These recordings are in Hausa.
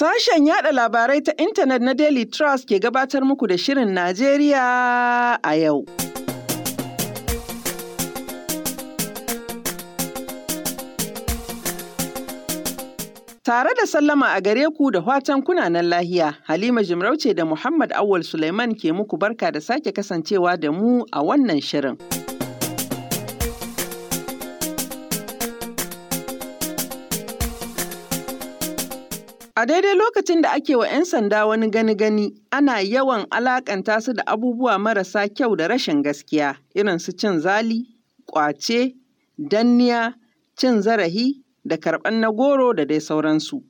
Sashen yada labarai ta intanet na Daily Trust ke gabatar muku da Shirin Najeriya a yau. Tare da sallama a gare ku da watan kunanan lahiya, Halima Jimarauce da Muhammad Awal Suleiman ke muku barka da sake kasancewa da mu a wannan shirin. A daidai lokacin da ake wa ‘yan sanda wani gani-gani, ana yawan alaƙanta su da abubuwa marasa kyau da rashin gaskiya, irin su cin zali, ƙwace, danniya, cin zarahi da karɓar na goro da dai sauransu.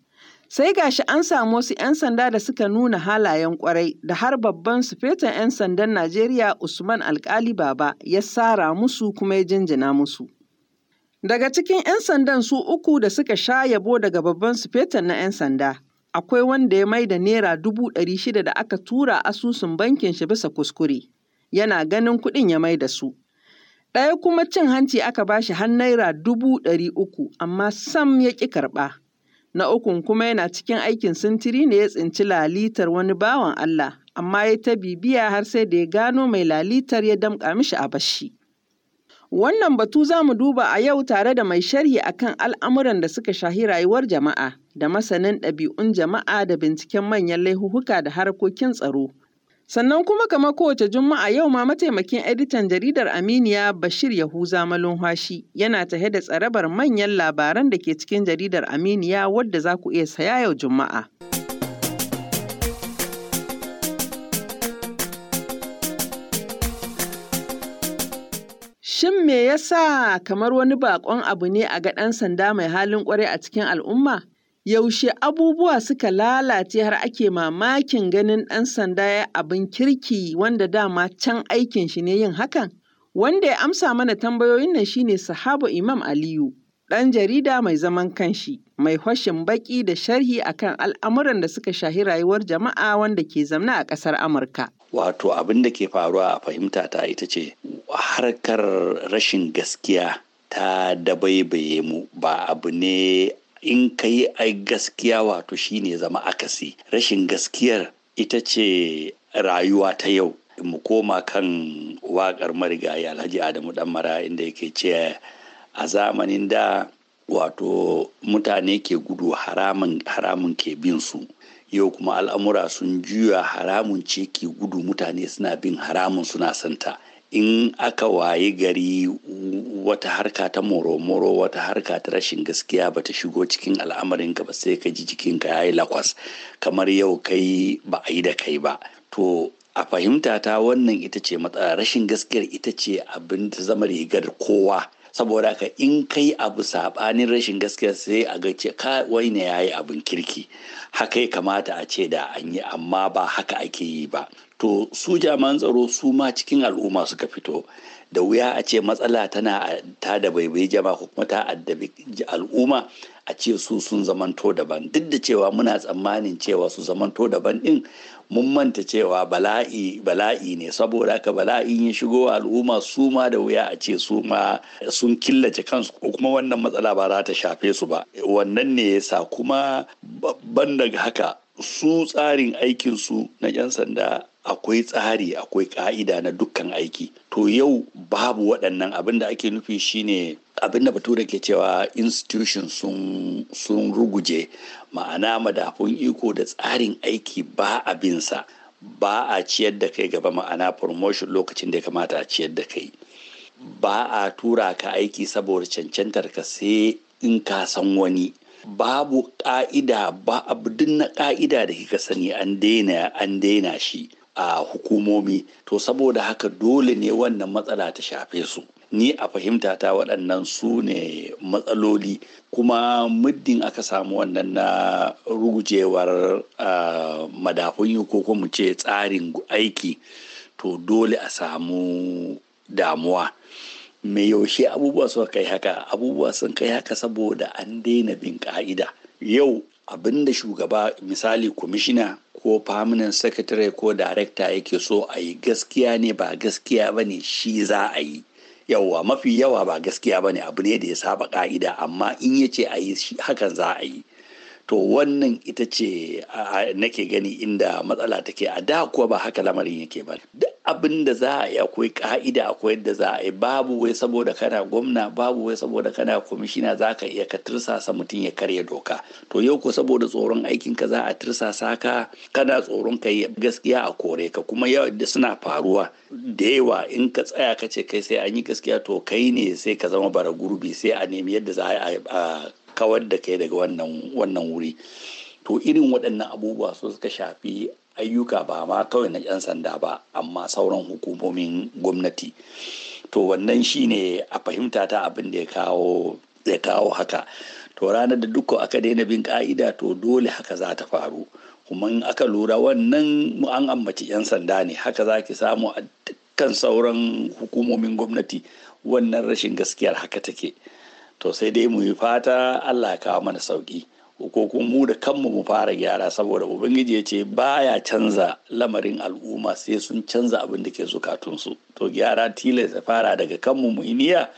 Sai gashi an samu wasu ‘yan sanda da suka nuna halayen ƙwarai da har babban su sufetan ‘yan sandan Najeriya Usman Alƙali Baba ya sara musu kuma ya jinjina musu. Daga cikin 'yan sandan su uku da suka sha yabo daga babban sufetan na 'yan sanda, akwai wanda ya mai da naira dubu ɗari shida da aka tura asusun bankin shi bisa kuskure, yana ganin kuɗin ya mai da su. Ɗaya kuma cin hanci aka bashi har naira dubu ɗari uku amma sam ya ƙi karɓa. Na ukun kuma yana cikin aikin sintiri ne ya tsinci lalitar wani bawan Allah, amma ya ta bibiya har sai da ya gano mai lalitar ya damƙa mishi a bashi. Wannan batu za mu duba a yau tare da mai sharhi akan al'amuran da suka shahi rayuwar jama'a da masanin ɗabi'un jama'a da binciken manyan laihuhuka da harkokin tsaro. Sannan kuma kamar kowace Juma'a yau ma mataimakin editan jaridar Aminiya Bashir Yahuza Malumhashi yana tahe da tsarabar manyan labaran da ke cikin jaridar Aminiya wadda za ku iya saya yau Juma'a. Shin me yasa kamar wani baƙon abu ne a ga ɗan sanda mai halin ƙwarai a cikin al'umma? Yaushe abubuwa suka lalace har ake mamakin ganin ɗan sanda ya abin kirki wanda dama can aikin shi ne yin hakan? Wanda ya amsa mana tambayoyin nan shine Sahabu Imam Aliyu, ɗan jarida mai zaman kanshi, mai hwashin baƙi da sharhi akan al'amuran da suka shahi rayuwar jama'a wanda ke zamna a ƙasar Amurka. wato abin da ke faruwa a fahimta ta ita ce harkar rashin gaskiya ta dabaibaye mu ba abu ne in ka yi gaskiya wato shine zama akasi rashin gaskiyar ita ce rayuwa ta yau mu koma kan wakar marigayi alhaji adamu dan mara inda yake ce a zamanin da wato mutane ke gudu haramun ke bin su yau kuma al'amura sun juya haramun ce gudu mutane suna bin haramun suna santa in aka wayi gari wata harka ta moro-moro wata harka ta rashin gaskiya ba ta shigo cikin al'amarin ka ba sai ka ji jikinka ya yi lakwas kamar yau kai ba a yi da kai ba to a fahimta ta wannan ita ce matsala rashin gaskiyar ita ce abin ta zama rigar kowa saboda ka in kai abu saɓanin rashin gaskiya sai a ga ka wai ne yayi abin kirki haka ya kamata a ce da an yi amma ba haka ake yi ba to su jami'an tsaro su ma cikin al'umma suka fito da wuya a ce matsala tana ta da baibai jama'a ko kuma ta addabi al'umma a ce su sun zamanto daban duk da cewa muna tsammanin cewa su zamanto daban din mun manta cewa bala'i bala'i ne saboda haka bala'i ya shigo al'umma su ma da wuya a ce su ma sun killace kansu ko kuma wannan matsala ba za ta shafe su ba wannan ne yasa kuma ban daga haka su tsarin aikinsu na 'yan sanda akwai tsari akwai ka'ida na dukkan aiki to yau babu waɗannan abin da ake nufi shine abin da bature ke cewa institution sun, sun ruguje ma'ana madafun iko da tsarin aiki ba abinsa ba a ciyar da kai gaba ma'ana promotion lokacin da ya kamata a ciyar da kai ba a tura ka aiki saboda cancantar ka sai in ka san wani babu ƙa'ida ba abu na ƙa'ida da kika sani an daina an daina shi a hukumomi to saboda haka dole ne wannan matsala ta shafe su ni a fahimta ta waɗannan su ne matsaloli kuma muddin aka samu wannan na rugujewar madafun ko kuma ce tsarin aiki to dole a samu damuwa mai yaushe abubuwa suka kai haka abubuwa sun kai haka saboda an daina bin ka'ida yau Abin da shugaba misali kwamishina ko faminan sakatare ko darekta yake so a yi gaskiya ne ba gaskiya ba ne shi za a yi yawa mafi yawa ba gaskiya ba ne abu ne da ya saba ka'ida amma in ya ce a yi hakan za a yi to wannan ita ce nake gani inda matsala take a da kuwa ba haka lamarin yake ba duk abin da za a yi akwai ka'ida akwai yadda za a yi babu wai saboda kana gwamna babu wai saboda kana kwamishina za ka iya ka tirsasa mutum ya karya doka to yau ko saboda tsoron aikin ka za a tirsasa ka kana tsoron ka yi gaskiya a kore ka kuma yau da suna faruwa da yawa in ka tsaya ka ce kai sai an yi gaskiya to kai ne sai ka zama bara gurbi sai a nemi yadda za a kawar da kai daga wannan wuri to irin waɗannan abubuwa su suka shafi ayyuka ba ma kawai na 'yan sanda ba amma sauran hukumomin gwamnati to wannan shine a fahimta ta abin da ya kawo ya kawo haka to ranar da dukko aka daina bin ka'ida to dole haka za ta faru kuma in aka lura wannan an ambaci 'yan sanda ne haka za ki samu a dukkan sauran hukumomin gwamnati wannan rashin gaskiyar haka take. to sai dai mu yi fata allah ya kawo mana sauki ko kuma mu da kanmu mu fara gyara saboda ubangiji ya ce baya canza lamarin al'umma sai sun canza abin da ke zukatun su to gyara tilai ya fara daga kanmu mu niyya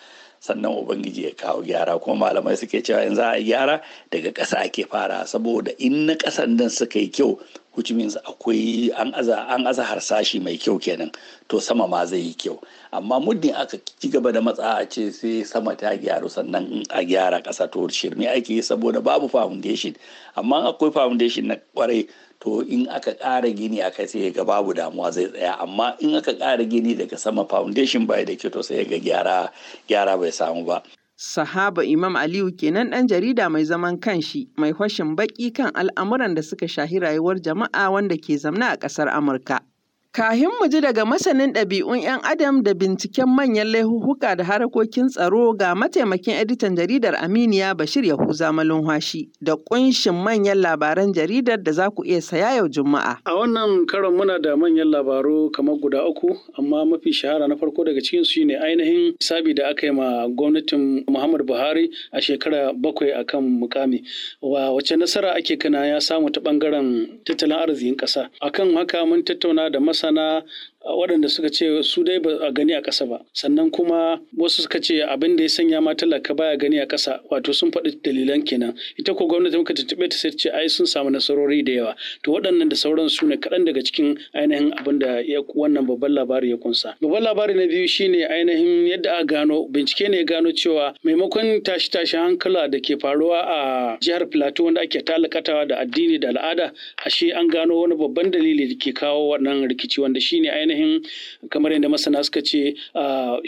sannan ubangiji ya kawo gyara kuma malamai suke cewa yanzu a gyara daga ƙasa ake fara saboda in na ƙasan nan suka yi kyau which means akwai an aza harsashi mai kyau kenan to sama ma zai yi kyau amma muddin aka ci gaba da matsa a ce sai sama ta gyaru sannan a gyara ƙasa to shirme ake yi saboda babu foundation amma akwai foundation na kwarai to in aka ƙara gini a kai sai ga babu damuwa zai tsaya amma in aka ƙara gini daga sama foundation bai da kyau to sai ga gyara bai samu ba Sahaba Imam Aliyu kenan ɗan jarida mai zaman kanshi mai fashin baƙi kan al'amuran da suka shahi rayuwar jama'a wanda ke zaune a ƙasar Amurka. Kahin mu ji daga masanin ɗabi'un 'yan adam da binciken manyan laihuhuka da harkokin tsaro ga mataimakin editan jaridar Aminiya Bashir Yahuza Malumhashi da ƙunshin manyan labaran jaridar da za ku iya saya yau Juma'a. A wannan karon muna da manyan labaru kamar guda uku amma mafi shahara na farko daga cikin su ne ainihin sabi da aka yi ma gwamnatin Muhammadu Buhari a shekara bakwai akan mukami. Wa wace nasara ake kana ya samu ta ɓangaren tattalin arzikin ƙasa. Akan haka mun tattauna da masa sanaa waɗanda suka ce su dai ba a gani a ƙasa ba sannan kuma wasu suka ce abin da ya sanya ma talaka baya gani a ƙasa wato sun faɗi dalilan kenan ita ko gwamnati muka tuntuɓe ta sai ce ai sun samu nasarori da yawa to waɗannan da sauran su ne kaɗan daga cikin ainihin abin da wannan babban labari ya kunsa babban labari na biyu shine ainihin yadda a gano bincike ne ya gano cewa maimakon tashi tashi hankala da ke faruwa a jihar plateau wanda ake talakatawa da addini da al'ada ashe an gano wani babban dalili da ke kawo wannan rikici wanda shine ainihin ainihin kamar yadda masana suka ce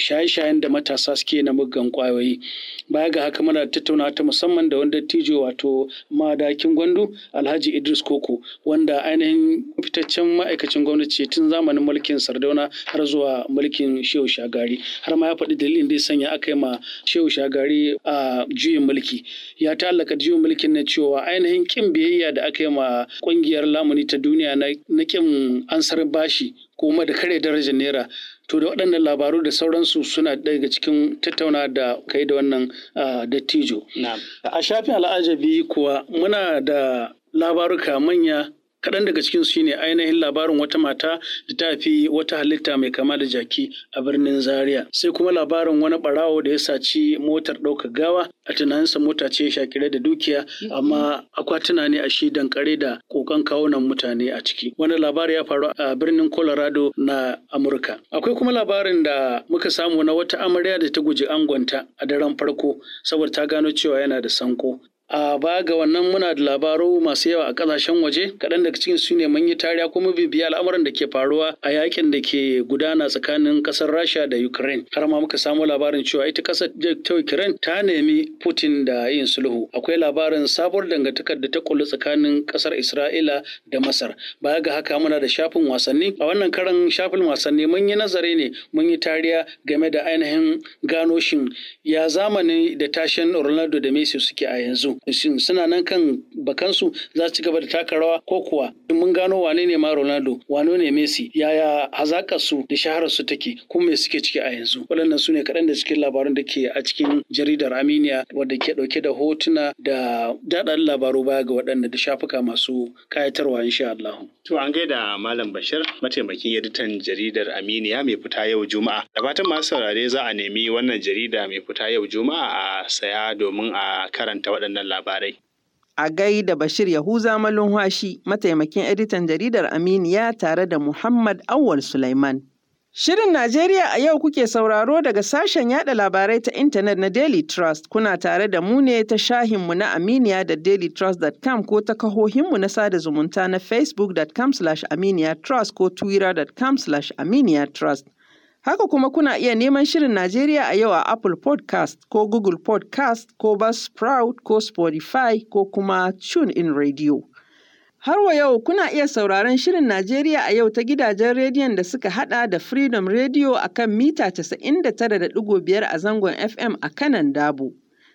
shaye-shayen da matasa suke na muggan kwayoyi baya ga haka muna tattauna ta musamman da wanda tijo wato madakin gwandu alhaji idris koko wanda ainihin fitaccen ma'aikacin gwamnati tun zamanin mulkin sardauna har zuwa mulkin shehu shagari har ma ya faɗi dalilin da ya sanya aka yi ma shehu shagari a juyin mulki ya ta'allaka juyin mulkin na cewa ainihin kin biyayya da aka yi ma ƙungiyar lamuni ta duniya na kin ansar bashi kuma da kare darajar naira to da waɗannan labaru da sauransu suna daga cikin tattauna da kai da wannan dattijo a shafin al'ajabi kuwa muna da labaruka manya Kaɗan daga cikin su ne ainihin labarin wata mata da ta fi wata halitta mai kama da jaki a birnin Zaria. Sai kuma labarin wani ɓarawo da ya saci motar ɗaukar gawa a tunaninsa mota ce shakire da dukiya amma akwatuna ne a shi dankare da kawo kawunan mutane a ciki. Wani labari ya faru a birnin Colorado na Amurka. Akwai kuma labarin da muka samu na wata amarya da ta guji angonta a daren farko saboda ta gano cewa yana da sanko a baya ga wannan muna da labaru masu yawa a kasashen waje kaɗan daga cikin su ne manyan tariya kuma bibiya al'amuran da ke faruwa a yakin da ke gudana tsakanin ƙasar rasha da ukraine har ma muka samu labarin cewa ita ƙasar ta ukraine ta nemi putin da yin sulhu akwai labarin sabuwar dangantakar da ta kulle tsakanin ƙasar isra'ila da masar baya ga haka muna da shafin wasanni a wannan karan shafin wasanni mun yi nazari ne mun yi tariya game da ainihin gano shin ya zamani da tashin ronaldo da messi suke a yanzu suna nan kan bakansu za su ci gaba da taka rawa ko kuwa mun gano wane ne ma Ronaldo wane ne Messi yaya hazakar su da shahararsu su take kuma me suke ciki a yanzu waɗannan su ne kaɗan da cikin labarun da ke a cikin jaridar Aminiya wadda ke ɗauke da hotuna da daɗaɗɗen labaru baya ga waɗanda da shafuka masu ƙayatarwa insha Allah. To an gaida Malam Bashir mataimakin editan jaridar Aminiya mai fita yau Juma'a. Da fatan masu saurare za a nemi wannan jarida mai fita yau Juma'a a saya domin a karanta waɗannan waɗannan labarai. A gaida Bashir Yahuza Malumhashi, mataimakin editan jaridar Aminiya tare da Muhammad Awal Sulaiman. Shirin Najeriya a yau kuke sauraro daga sashen yada labarai ta intanet na Daily Trust. Kuna tare da mu ne ta shahinmu na Aminiya da dailytrust.com ko ta kahohinmu na sada zumunta na facebook.com/aminiya trust ko twitter.com/aminiya trust. Haka kuma kuna iya neman Shirin Najeriya a yau a Apple Podcast ko Google Podcast ko Buzzsprout ko Spotify ko kuma TuneIn Radio. Har wa yau kuna iya sauraron Shirin Najeriya a yau ta gidajen rediyon da suka hada da Freedom Radio a kan mita 99.5 a zangon FM a kanan Dabo.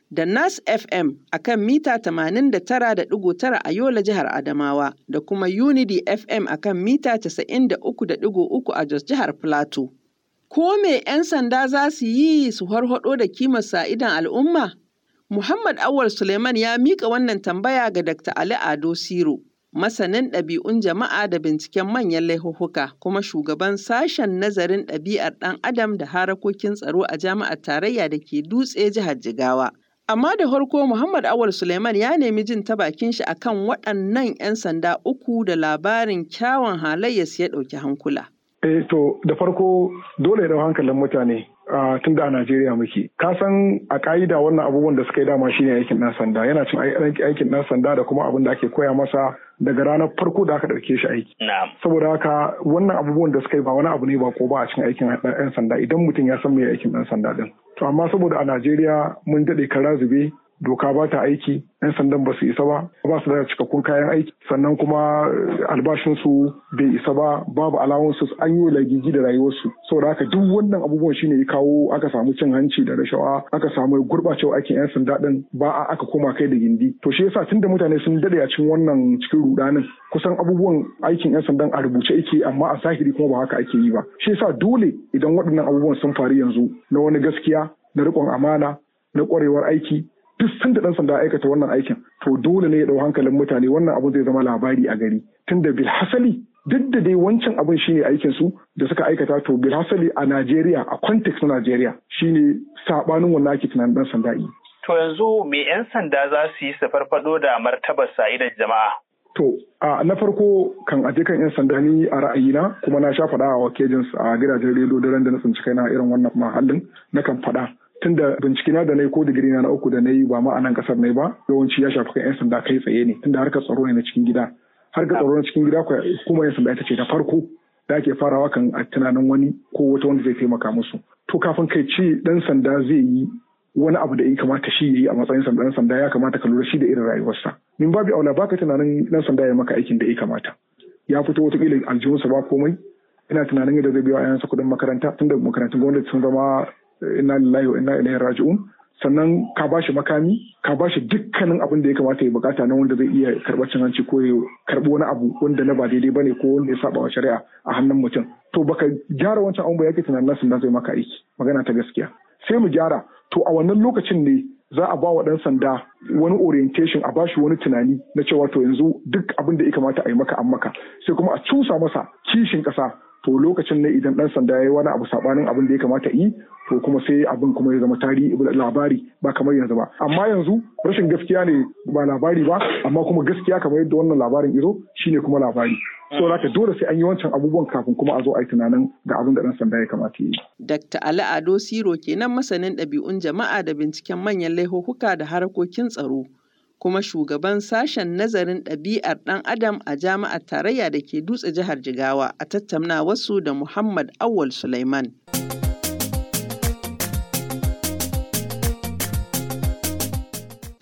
da Nas FM a kan mita 89.9 a Yola jihar Adamawa da kuma Unity FM a kan mita 93.3 a Jos jihar Plateau. Ko me 'yan sanda za su yi su farfaɗo da kimarsa a idon al'umma? Muhammad auwal Suleiman ya miƙa wannan tambaya ga Dr. Ali Ado Siro, masanin ɗabi'un jama'a da binciken manyan laihuhuka, kuma shugaban sashen nazarin ɗabi'ar ɗan adam da harakokin tsaro a jami'ar tarayya da ke dutse jihar Jigawa. Amma da farko Muhammad auwal Suleiman ya nemi jin ta bakin shi akan waɗannan 'yan sanda uku da labarin kyawun halayyarsu ya ɗauki hankula. Eh to da farko dole ya hankalin mutane tun da a Najeriya muke. Ka san a ka'ida wannan abubuwan da suka yi dama shine aikin ɗan sanda yana cin aikin ɗan sanda da kuma abin da ake koya masa daga ranar farko da aka ɗauke shi aiki. Saboda haka wannan abubuwan da suka yi ba wani abu ne ba ko ba a cikin aikin ɗan sanda idan mutum ya san mai aikin ɗan sanda ɗin. To amma saboda a Najeriya mun daɗe kara zube doka ba ta aiki yan sandan ba su isa ba ba su da cikakkun kayan aiki sannan kuma eh, albashinsu bai isa ba babu allowances an yi lagigi da rayuwarsu saboda haka duk wannan abubuwan shine ya kawo aka samu cin hanci da rashawa aka samu gurbacewa aikin yan sanda din ba a aka koma kai da gindi to shi yasa tunda mutane sun dade a cikin wannan cikin rudanin kusan abubuwan aikin yan sandan a rubuce yake amma a zahiri kuma ba haka ake yi ba shi yasa dole idan waɗannan abubuwan sun faru yanzu na wani gaskiya na riƙon amana na ƙwarewar aiki duk sun da ɗan sanda aikata wannan aikin to dole ne ya ɗau hankalin mutane wannan abun zai zama labari a gari tunda bilhasali, duk da dai wancan abun shine aikin su da suka aikata to bilhasali a Najeriya a context na Najeriya shine saɓanin wannan ake tunanin ɗan sanda yi. To yanzu me 'yan sanda za su yi su farfado da martabar idan jama'a? To, a na farko kan aje kan 'yan sanda ni a ra'ayina kuma na sha faɗa wa kejins a gidajen rediyo da da na tsinci kaina irin wannan mahallin na kan faɗa tunda bincike na da na yi ko digiri na na uku da na yi ba ma a nan kasar ne ba yawanci ya shafi kan 'yan sanda kai tsaye ne tunda harkar tsaro ne na cikin gida harkar tsaro na cikin gida kuma 'yan sanda ita ce ta farko da ake farawa kan a tunanin wani ko wata wanda zai taimaka musu to kafin kai ci dan sanda zai yi wani abu da ya kamata shi yayi a matsayin sanda dan sanda ya kamata ka lura shi da irin rayuwarsa min babu aula baka tunanin dan sanda ya maka aikin da ya kamata ya fito wata kila ba komai ina tunanin yadda zai biya yayansa kudin makaranta tunda makarantun gwamnati sun zama inna lillahi wa inna ilaihi raji'un sannan ka ba shi makami ka ba shi dukkanin abin da ya kamata ya bukata na wanda zai iya karɓar cin hanci ko ya karɓi wani abu wanda na ba daidai bane ko wanda ya saba wa shari'a a hannun mutum to baka gyara wancan abin ba yake tunanin sanda zai maka aiki magana ta gaskiya sai mu gyara to a wannan lokacin ne za a ba wa ɗan sanda wani orientation a ba shi wani tunani na cewa to yanzu duk abin da ya kamata a yi maka an maka sai kuma a cusa masa kishin ƙasa to lokacin ne idan dan sanda yayi wani abu sabanin abin da ya kamata yi to kuma sai abin kuma ya zama tarihi labari ba kamar yanzu ba amma yanzu rashin gaskiya ne ba labari ba amma kuma gaskiya kamar yadda wannan labarin izo shine kuma labari so haka dole sai an yi wancan abubuwan kafin kuma a zo a yi tunanin da abin da dan sanda ya kamata yi Dr. Ali Ado Siro kenan masanin ɗabi'un jama'a da binciken manyan laihuhuka da harkokin tsaro kuma shugaban sashen nazarin ɗabi'ar ɗan adam a Jami'ar Tarayya da ke Dutse Jihar Jigawa a tattauna wasu da Muhammad Awal Suleiman.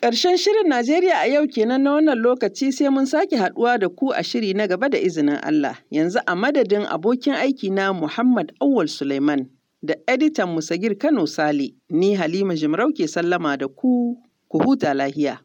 Ƙarshen shirin Najeriya a yau kenan na wannan lokaci sai mun sake haɗuwa da ku a shiri na gaba da izinin Allah. Yanzu a madadin abokin aiki na Muhammad Awal Suleiman da editan Musagir Kano Sale, ni Halima Jimarau ke sallama da ku, ku huta lahiya.